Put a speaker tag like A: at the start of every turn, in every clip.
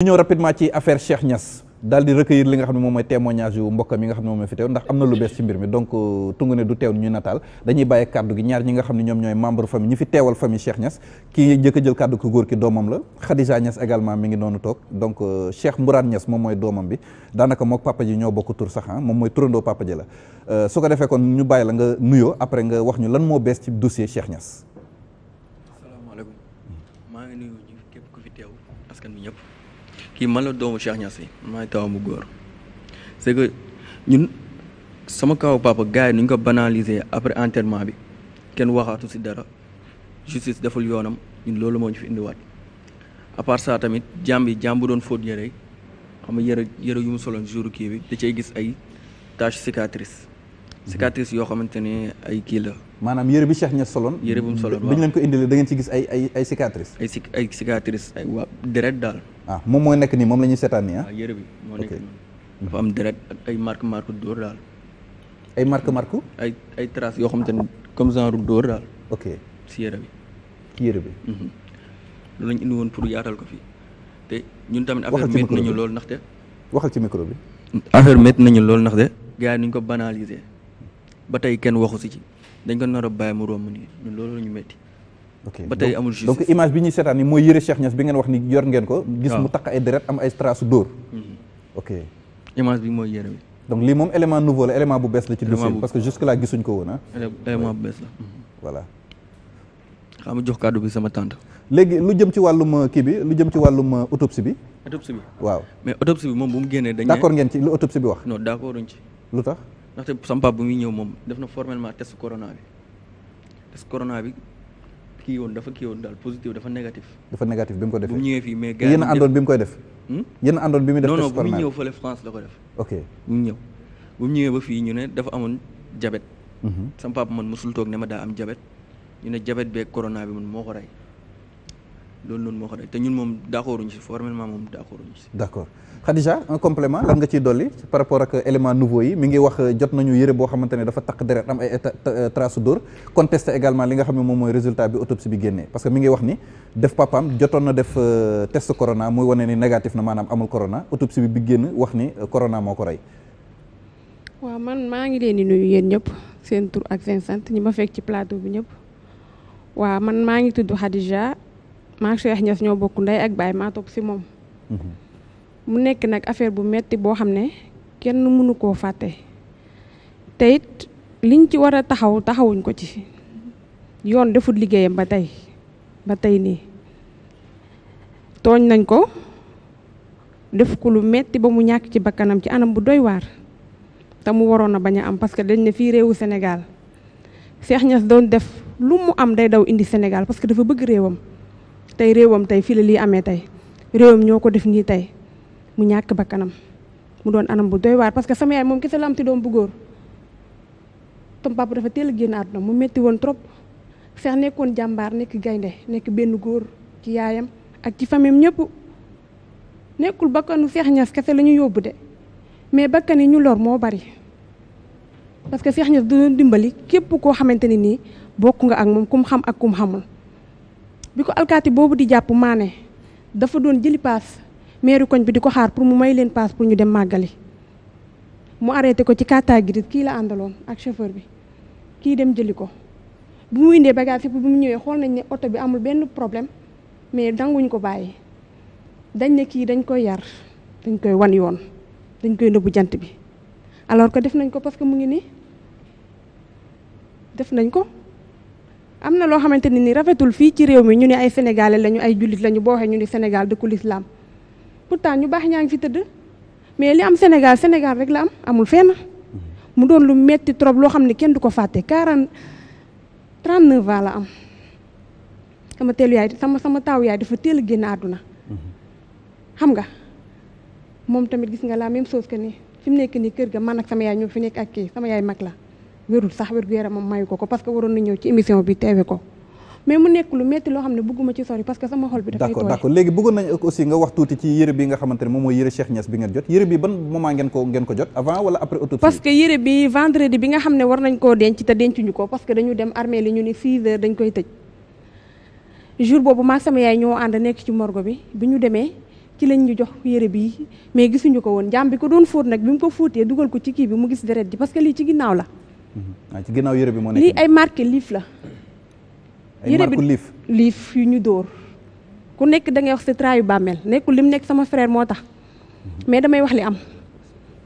A: ñu ñëw rapidement ci affaire Cheikh Niass daal di recueillir li nga xam ne moom mooy témoignage yu mbokkam yi nga xam ne moom fi teew ndax am na lu bees ci mbir mi donc euh, tungu ne du teew ñu nataal dañuy bàyyi kàddu gi ñaar ñi nga xam ne ñoom ñooy membre famille ñi fi teewal famille Cheikh Niass kii jëkk a jël kàddu ko góor ki doomam la Khadija Niass également mi ngi noonu toog donc euh, Cheikh Mbourane Niass moom mooy doomam bi daanaka mook papa ji ñoo bokk tur sa ah, moom mooy turandoo papa la euh, su ko defee kon ñu bàyyi la nga nuyoo après nga wax ñu lan moo bees ci dossier Cheikh Niass
B: asalaamaaleykum maa ngi nuyu ku fi teew askan bi ñëpp kii man la doomu Cheikh Niass maay taw mu góor c'est que ñun sama kaw papa gars yi nu ñu ko banaliser après enterrement bi kenn waxaatu si dara justice deful yoonam ñun loolu moo ñu fi indiwaat à part tamit jàmm bi jàmm bu doon fóot yére xam nga yére yére yu mu soloon jour kii bi da cay gis ay tache cicatrice mhm. cicatrice yoo xamante ne ay kii la.
A: maanaam yére bi Cheikh Niass soloon. yére bu mu soloon waaw bi ñu leen ko indilee da ngeen ci gis ay ay ay cicatrices.
B: ay cicatrices ay waa deret daal.
A: ah moom mooy nekk nii moom la ñuy seetaan nii ah. ah
B: yëre bi moo nekk nii dafa am deret ak ay marque marque dóor daal. ay marque marque. ay ay traces yoo xamante ne comme genre dóor daal. ok si yëre bi. ci yëre bi. Mhm. loolu lañ indi woon pour yaatal ko fii te ñun tamit. affaire métti nañu loolu ndaxte. waxal ci micro affaire métti nañu loolu ndaxte. gars yi ni ko banaliser ba tey kenn waxu si ci dañ ko nar a bàyyi mu romb nii ñun loolu la ñu métti.
A: ba tey amul justice donc image bi ñu seetaan ni mooy yëre Cheikh Niass bi ngeen wax ni yor ngeen ko gis mu takk ay deret am ay strass dóor mm-hmm. ok image bi mooy yëre bi donc lii moom élément nouveau la bu bees la ci dossier parce que jusque là gisuñ ko woon ah élément bu bees la mm-hmm. voilà jox kàddu bi sama tante léegi lu jëm ci wàllum euh, kii bi lu jëm ci wàllum euh, autopsie bi autopsie bi waaw
B: mais autopsie bi moom bu mu génnee dañ d'accord ngeen ci
A: lu autopsie bi wax
B: non d'accord uñ ci lu tax ndaxte sama bu muy ñëw moom def na formellement test corona bi test corona bi kii woon dafa kii woon daal positif dafa négatif. dafa négatif bi ko defee bu mu fii mais. gars yéen a àndoon bi mu koy def. Hmm? yéen a àndoon bi mu def. non bu mu ñëw fële France la ko def.
A: ok mu ñëw
B: bu mu ñëwee ba fii ñu ne dafa amoon jabet. Mhm. sama papa man mosul toog ne ma daa am jabet ñu ne jabet beeg corona bi man moo ko rey. loolu noonu moo ko te ñun moom d'accord ñu si formellement moom d'accord
A: ñu si. d'accord Khadija un complément lan nga ciy dolli par rapport ak élément nouveau yi mi ngi wax euh, jot nañu yëre boo xamante ne dafa takk deret am ay euh, trace d'or contesté également li nga xam ne moom mooy résultat bi autopsie bi génnee parce que mi ngi wax ni def papam jotoon na def euh, test corona muy wane ni négatif na maanaam amul corona autopsie bi bi génn wax ni corona moo ko rey.
C: waaw man maa ngi leen di nuyu yéen ñëpp seen tur ak seen sant ñi ma fekk ci plateau bi ñëpp waaw man maa ngi tudd Khadija. maak Cheikh Niass ñoo bokk ndey ak baay maa topp si moom. Mhm. mu nekk nag affaire bu metti boo xam ne kenn mënu koo fàtte te liñ ci war a taxaw taxawuñ ko ci yoon defut liggéeyam ba tey ba tey nii tooñ nañ ko def ko lu metti ba mu ñàkk ci bakkanam ci anam bu doy waar te mu waroon a bañ a am parce que dañ ne fii réewu Sénégal Cheikh Niass doon def lu mu am day daw indi Sénégal parce que dafa bëgg réewam. tey réewam tey fii la lii amee tey réewam ñoo ko def nii tey mu ñàkk bakkanam mu doon anam bu doy waar parce que sama yaay moom kese la am ti doom bu góor tom papa dafa teel a génn àdduna mu metti woon trop seex nekkoon jàmbaar nekk gaynde nekk benn góor ci yaayam ak ci famem ñëpp nekkul bakkanu seex ñas kese la ñu yóbbu de mais bakkan yi ñu lor moo bari parce que seex ñas du doon dimbali képp koo xamante ne nii bokk nga ak moom kum xam ak kum xamul bi ko alkaati boobu di jàpp maane dafa doon jëli paas meeru koñ bi di ko xaar pour mu may leen paas pour ñu dem màggali mu arrêté ko ci kàttaay gi kii la àndaloon ak chauffeur bi kii dem jëli ko bu mu indee bagage yëpp bu mu ñëwee xool nañ ne oto bi amul benn problème mais danguñ ko bàyyi dañ ne kii dañ koy yar dañ koy wan yoon dañ koy nëbbu jant bi alors que def nañ ko parce que mu ngi nii def nañ ko am na loo xamante ne ni rafetul fii ci réew mi ñu ni ay sénégalais lañu ay jullit lañu boo waxee ñu ni Sénégal dëkku lislaam temps ñu baax ñaa ngi fi tëdd mais li am Sénégal Sénégal rek la am amul fenn mu doon lu metti trop loo xam ne kenn du ko fàtte quarante trente neuf la am sama teelu yaay sama sama taaw yaay dafa teel a génn àdduna xam nga moom tamit gis nga la même chose que ni fi mu nekk nii kër ga man ak sama yaay ñoo fi nekk ak kii sama yaay mag la. wérul sax wér gu yaramam mayu ko ko parce que waroon na ñëw ci émission bi teewe ko mais mu nekk lu metti loo xam ne bëgguma ci sori parce que sama xol bi dafay tooy d'accord
A: léegi bëggoon nañ aussi nga wax tuuti ci yére bi nga xamante ne moom mooy yére Cheikh Niass bi ngeen jot yére bi ban moment ngeen ngeen ko jot avant
C: denc te ko parce que dañu dem armée li ñu ne 6 dañ koy tëj jour boobu maa sama yaay ñoo ànd nekk ci morgue bi bi ñu demee ci lañ ñu jox yére bi mais gisuñu ko woon jàmm bi ko doon fóot nag bi mu ko fóotee dugal ko ci kii bi gis deret ji parce que lii ci ginnaaw la
A: Mhm. Ah, ci ginnaaw yëre bi moo nekk lii
C: ay marque liif la. yëre bi liif liif yu ñu dóor. ku nekk da ngay wax sa traayu bàmmeel nekkul mu nekk sama frère moo tax mhm. mais damay wax li am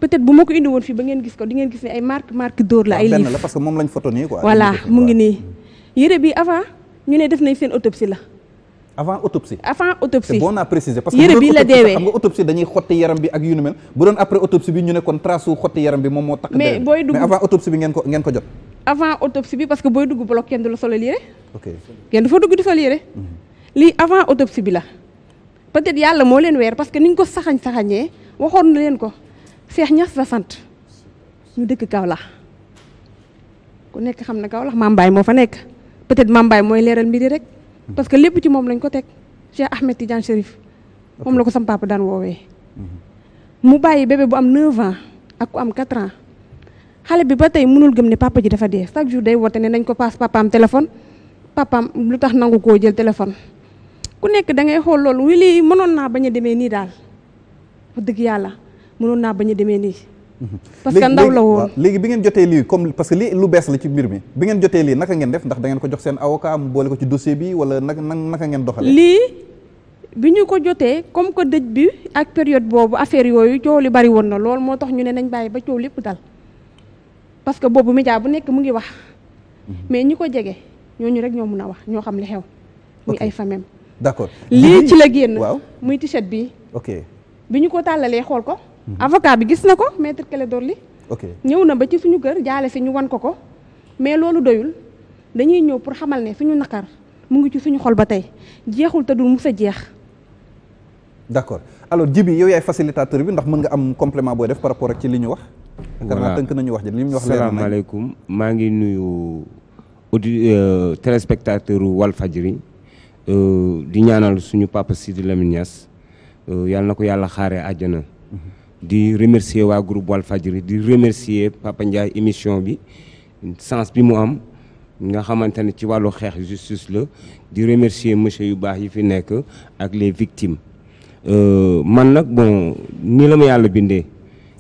C: peut-être bu ma ko indi woon fii ba ngeen gis ko di ngeen gis ne ay marque marque dóor la ay liif benn la parce
A: que moom lañ photo nii quoi. voilà
C: mu ngi nii yëre bii avant ñu ne def nañ seen autopsie la.
A: avant autopsie.
C: avant autopsie c'est bon
A: à préciser. parce que yére bi la deewee xam nga autopsie dañuy xotti yaram bi ak yu nu mel bu doon après autopsie bi ñu ne kon trace su xotti yaram bi moom moo tax. mais booy dugg mais avant autopsie bi ngeen ko ngeen ko jot. ok
C: kenn du fa dugg di sol yére. Mhm. lii avant autopsie bi la peut-être yàlla moo leen weer parce que ni ko saxañ saxañee waxoon na leen ko Cheikh Niass la sant ñu dëkk Kaolack ku nekk xam na Kaolack Mambaay moo fa nekk peut-être Mambaay mooy leeral mbiri rek. parce que lépp ci moom lañ ko teg Cheikh Ahmed Tidiane Chérif moom la ko sam papa daan woowee. Mhm. mu bàyyi bébé bu am 9 ans ak ku am 4 ans xale bi ba tey mënul gëm ne papa ji dafa dee chaque jour day woote ne nañ ko paas papaam téléphone papaam lu tax nangu koo jël téléphone. ku nekk da ngay xool loolu wi mënoon naa bañ a demee nii daal wax dëgg yàlla mënoon naa bañ a demee nii. parce que ndaw la
A: woon léegi bi ngeen jotee lii comme parce que lii lu bees la ci mbir mi bi ngeen jotee lii naka ngeen def ndax da ngeen ko jox seen avocat mu boole ko ci dossier bi wala naka ngeen doxalee lii
C: bi ñu ko jotee comme que dëj bi ak période boobu affaire yooyu coow li bari woon na lool moo tax ñu ne nañ bàyyi ba coow lépp dal parce que boobu média bu nekk mu ngi wax mhm. mais ñi ko jege ñooñu rek ñoo mun a wax ñoo xam li xew muy ay famem
A: d'accord lii ci la génn
C: muy t-shirt bi ok bi ñu ko tàllalee xool ko Mhm. avocat bi gis na ko maître Clédor Ly ok ñëw na ba ci suñu kër jaale si ñu wan ko ko mais loolu doyul dañuy ñëw pour xamal ne suñu naqar mu ngi ci suñu xol ba tey jeexul te du mus a jeex.
A: d'accord alors Djibi yow yaay facilitateur bi ndax mën nga am complément booy def par rapport ak ci li ñu wax. voilà tënk nañu wax ji li ñu wax. salaamaaleykum
D: maa ngi nuyu audi euh, téléspectateur Walfadjri euh, di ñaanal suñu papa Sidi Lamine Niass euh, yàlla na ko yàlla xaaree àjjana. Mhm. di remercier waa groupe Walfadjri di remercier Papa Ndiaye émission bi sens bi mu am nga xamante ne ci wàllu xeex justice la di remercier monsieur yu baax yu fi nekk ak les victimes euh, man nag bon nii la ma yàlla bindee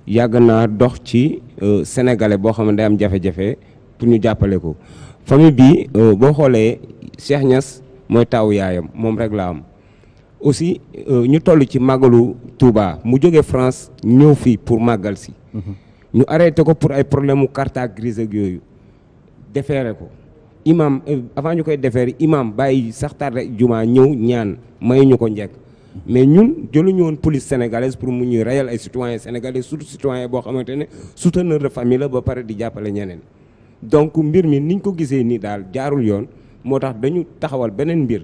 D: yàgg naa dox ci euh, sénégalais boo xam ne am jafe-jafe pour ñu jàppale ko famille bi euh, boo xoolee Cheikh Niass mooy taawu yaayam moom rek la am aussi euh, ñu toll ci màggalu Touba mu jóge France ñëw fii pour màggal si. Mhm. ñu arrêté ko pour ay problème mu carte grise yooyu defeere ko imam euh, avant ñu koy defeere imam bàyyi sax tardé jumaa ñëw ñaan may ñu ko njëkk mais ñun jëluñu woon police sénégalaise pour mu ñuy reyal ay citoyen sénégalais surtout citoyen boo xamante ne souteneur de famille la ba pare di jàppale ñeneen donc mbir mi niñ ko gisee nii daal jaarul yoon moo tax dañu taxawal beneen mbir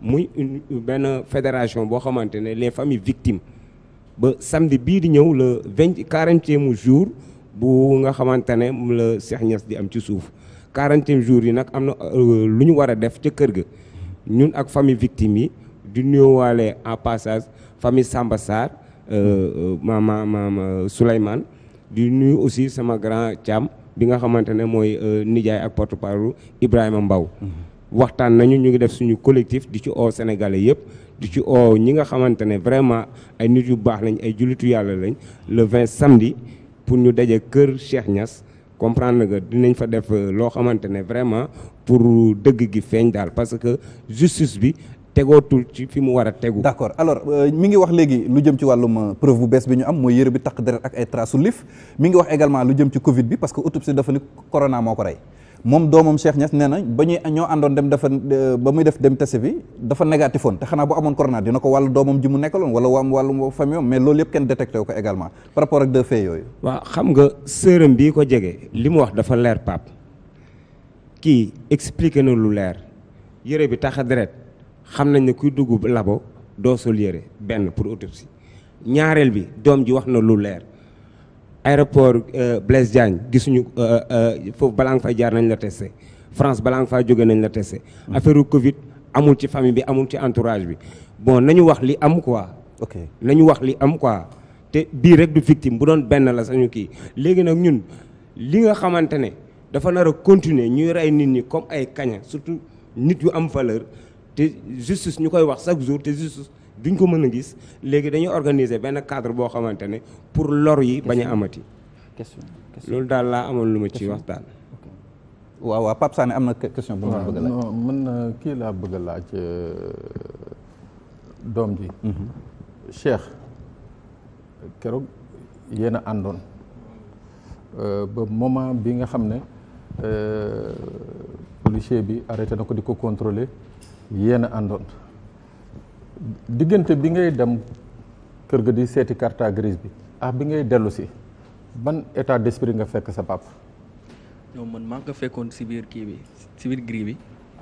D: muy benn fédération boo xamante ne les familles victimes ba samedi bii di ñëw le vingt mu jour bu nga xamante ne mu la Cheikh Niass di am ci suuf quarantième jour yi nag am na euh, lu ñu war a def ca kër gi ñun ak famille victime yi di waale en passage famille Samba Sarr euh, euh, ma ma ma Souleymane di nuyu aussi sama grand Thiam bi nga xamante ne mooy nijaay ak porte-parole Ibrahima Mbaw mm-hmm. waxtaan nañu ñu ngi def suñu collectif di ci oo sénégalais yëpp di ci oo ñi nga xamante ne vraiment ay nit yu baax lañ ay jullitu yàlla lañ le 20 samedi pour ñu daje kër Cheikh ñas comprendre nga dinañ fa def euh, loo xamante ne vraiment pour dëgg gi feeñ daal parce que justice bi tegootul ci fi mu war a tegu. d'accord
A: alors euh, mi ngi wax léegi lu jëm ci wàllum euh, preuve bu bees bi ñu am mooy yére bi taq deret ak ay traces su lif ngi wax également lu jëm ci Covid bi parce que autopsie dafa ni corona moo ko rey. moom doomam Cheikh Niass nee na ba ñuy ñoo àndoon dem dafa ba muy def dem test bi dafa négatif woon te xanaa bu amoon corona dina ko wàllu doomam ji mu nekkaloon wala wam wàllu famille mais
D: loolu yëpp kenn détecté ko également par rapport ak deux yooyu. waaw xam nga sërëm bii ko jege li mu wax dafa leer Pape kii expliqué na lu leer yére bi tax a deret xam nañ ne kuy dugub labo doo sol yére benn pour autopsie ñaareel bi doom ji wax na lu leer. aéroport euh, Blaise Diagne gisuñu euh, euh, foofu balaa nga jaar nañ la testé France balaa faa jóge nañ la testé. Hmm. affaire Covid amul ci famille bi amul ci entourage bi bon nañu wax li am quoi. ok nañu wax li am quoi te bii rek du victime bu doon benn la sañu kii léegi nag ñun li nga xamante ne dafa nar a continuer ñuy rey nit ñi comme ay kaña surtout nit yu am valeur te justice ñu koy wax chaque jour te justice. duñ ko mën a gis léegi dañuy organiser benn cadre boo xamante ne pour lor yi bañ a amati. question loolu daal laa amoon lu ma
A: ci waxtaan daal. waaw waaw Pape am na question bu ma bëgg a laaj.
E: non kii laa bëgg a laaj euh, doom ji. Mhm. Cheikh keroog yéen a àndoon euh, ba moment bi nga xam ne euh, policier bi arrêté na ko di ko contrôler yéen a àndoon. diggante bi ngay dem kër ga di seeti carte grise bi ah bi ngay dellu si ban état d'esprit nga fekk sa papa.
B: ñoom man maa ko fekkoon si biir kii bi si biir gris bi.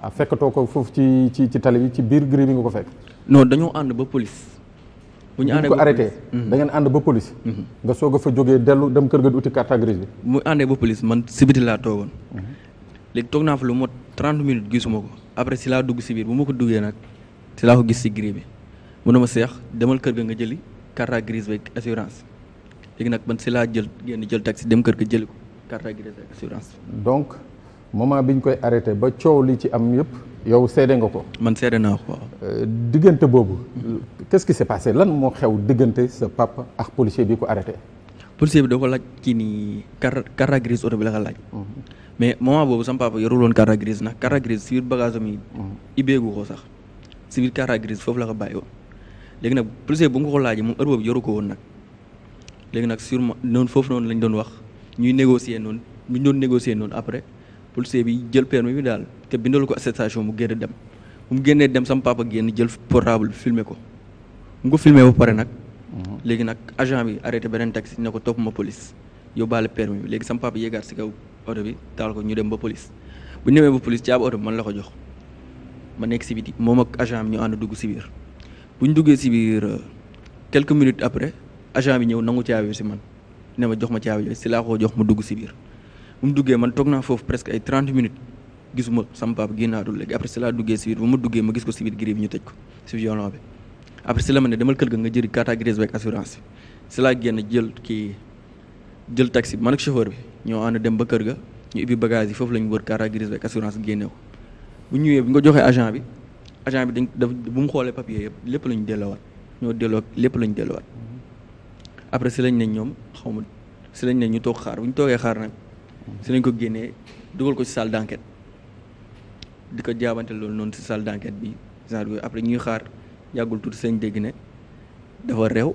E: ah fekkatoo ko foofu ci ci ci tali bi ci biir gris bi nga ko fekk. non dañoo ànd ba police. bu ñu àndee ko mhm. da ngeen ànd ba police. Mhm. nga soog a fa jógee dellu dem kër ga di uti carte bi.
B: mu àndee ba police man si biti laa toogoon. Mhm. léegi toog naa fa lu mot 30 minutes gisuma ko après si laa dugg si biir bu ma ko duggee nag. ci laa ko gis si gris bi mu ne ma seex demal kër ga nga jëli carte grise beeg assurance léegi nag man si laa jël génn jël taxi dem kër ga jëli ko carte grise beeg
E: assurance. donc moment bi ñu koy arrêté ba coow li ci am yëpp. yow seede nga ko. man seede naa ko euh, diggante boobu. qu'est-ce qui s'est passé lan moo xew diggante sa papa ak policier bi ko arrêté.
B: policier bi da ko laaj kii nii carte carte grise oto bi la ko laaj. Mhm. mais moment boobu sama papa yorul woon carte na ndax carte grise si mhm. sax. si biir carte grise foofu la ko bàyyi woon léegi nag policier bu nga ko laajee moom heure boobu yoru ko woon nag léegi nag sûrement noonu foofu noonu lañ doon wax ñuy négocier noonu ñu doon négocier noonu après policier bi jël permis bi daal te bindalu ko attestation mu génn dem mu génnee dem sama papa génn jël portable filmer ko mu ko filmer pare nag. Mhm. léegi nag agent bi arrêté beneen taxi ne ko topp ma police yóbbaale permis bi léegi sama papa yegaat si kaw oto bi taal ko ñu dem ba police bu ñu demee ba police caabi oto bi man la ko jox. ma nekk si biti moom ak agent bi ñu ànd dugg si biir bu ñu duggee si biir euh, quelques minutes après agent bi ñëw nangu caabi si man ne ma jox ma caabi si laa ko jox mu dugg si biir bu mu duggee man toog naa foofu presque ay 30 minutes gisuma sama papa génnaatul léegi après duggee si biir bu ma duggee ma gis ko si biir grille bi ñu tëj ko si violon bi après la ma ne demal kër ga nga jëri carte grise beeg assurance bi si laa jël kii jël taxi man ak chauffeur bi ñoo ànd dem ba kër ga ñu ubbi bagage yi foofu la ñu wër carte grise assurance génnew bu ñëwee bu nga joxee agent bi agent bi dañ daf bu mu xoolee papier yëpp lépp lañu delloowaat ñoo delloo lépp lañu delloowaat après si lañ ne ñoom xaw ma si lañ ne ñu toog xaar bu ñu toogee xaar nag si ko génnee dugal ko si salle d'enquête di ko jaabante loolu noonu si salle d'enquête bi genre bi après ñuy xaar yàggul tuuti seen dégg ne dafa réew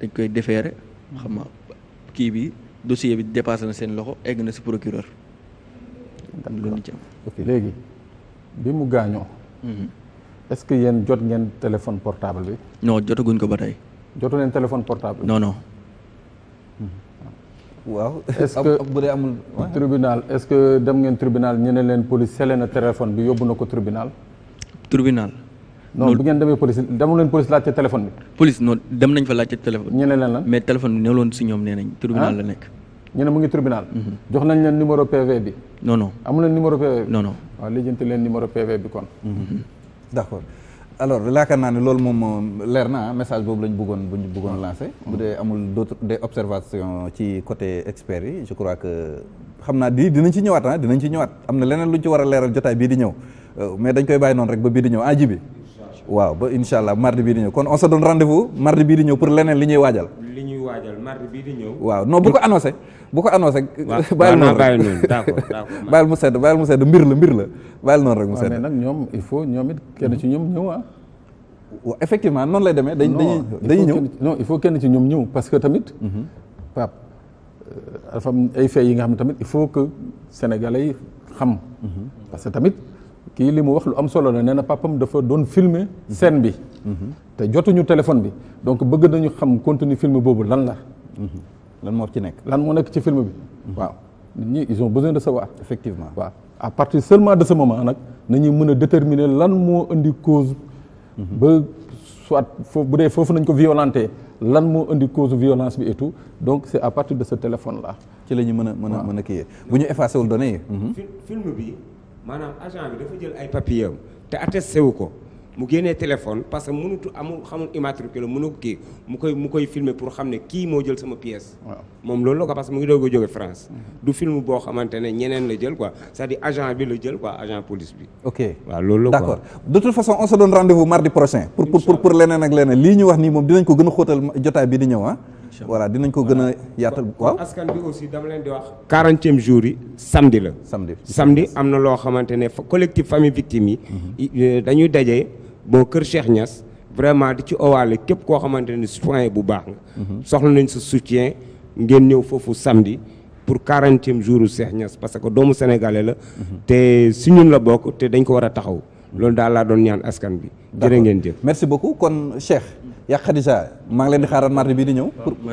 B: dañ koy defeere xam kii bi dossier bi dépassé na seen loxo egg na si procureur.
E: loolu ci am bi mu gaañoo. Mhm. est-ce que yéen jot ngeen téléphone portable bi.
B: non jotaguñ ko ba tey.
E: jotu leen téléphone portable. non non. Mhm. waaw est-ce que bu dee amul. tribunal est-ce que dem ngeen tribunal ñu leen police sele téléphone bi yóbbu na ko tribunal. tribunal. non bu ngeen demee police demu leen police laajte téléphone bi.
B: police non dem nañ fa laajte téléphone. ñu ne leen la mais téléphone bi ne loon si ñoom nee tribunal ah. la nekk.
E: ñu ne mu ngi tribunal. jox nañ leen numéro PV bi. noonu non amu leen numéro PV bi. non waaw lijjanti leen numéro PV bi kon.
A: d' accord alors laakaar naa ne loolu moom leer na message boobu la ñu bëggoon bu ñu bëggoon lancé. bu dee amul d' autres des ci côté experts yi je crois que xam naa di dinañ ci ñëwaat ah dinañ ci ñëwaat am na leneen lu ñu ci war a leeral jotaay bii di ñëw euh, mais dañ koy bàyyi noonu rek ba bii di ñëw ah ji bi. waaw ba incha allah mardi kon on se donne rendez vous di ñëw pour leneen li ñuy waajal.
D: li ñuy waajal mardi bii di ñëw. waaw non bu
A: bu ko annoncé bàyyil noonu rek d'accord d'accord bàyyil mu sedd bàyyil mu sedd mbir la mbir la bàyyil noonu rek mu sedd mais nag ñoom il faut ñoom it kenn ci ñoom ñëw ah waaw effectivement noonu lay demee dañ dañuy dañuy ñëw non il faut kenn ci ñoom
E: ñëw parce que tamit mhm. Pape euh, dafa am ay faits yi nga xam ne tamit il faut que sénégalais yi xam mhm. parce que tamit kii li mu wax lu am solo la nee na papam dafa doon filmer mhm. scène bi te jotuñu téléphone bi donc bëgg nañu xam contenu film boobu lan la lan moo ci nekk lan moo nekk ci film bi hmm. waaw nit ñi ils ont besoin de savoir effectivement waaw à partir seulement de ce moment nag nañuy mën a déterminer lan moo indi cause hmm. ba soit foofu bu dee foofu nañ ko violenté lan moo indi cause violence bi et tout donc c' est à partir de ce téléphone là ci la ñu mën a mën a mën a kiyee bu ñu effacé
A: wul données yi
D: film bi maanaam agent bi dafa jël ay papier te attesté wu ko mu génnee téléphone parce que mënutu amul xamul immatriculé mënu ko kii mu koy mu koy filmer pour xam ne kii moo jël sama pièce. moom loolu la ko parce que mu ngi doog a jóge France. Mhm. du film boo xamante ne ñeneen la jël quoi cest à agent bi la jël quoi agent police bi. ok waa loolu la quoi d'accord de toute façon
A: on se donne rendez-vous mardi prochain. pour pour pour leneen ak leneen lii ñu wax nii moom dinañ ko gën a xóotal jotaay bi di ñëw ah.
D: voilà dinañ ko gën a yaatal waaw askan aussi dama leen di wax. quarantième jour yi samedi la. samedi samedi am na loo xamante ne collectif famille victime yi. Mhm. Euh, dañuy daje. boo Kër Cheikh ñas vraiment di ci owaale képp koo xamante ne citoyen bu baax nga. Mhm. soxla nañ sa soutien ngeen ñëw foofu samedi pour quarantième jour u ñas parce que doomu sénégalais la. Mhm. te si ñun la bokk te dañ ko war a taxaw. loolu daal laa doon ñaan askan bi. jërë ngeen jëf merci beaucoup kon Cheikh. yaa Khadija maa leen di xaaral mardi di
B: ñëw.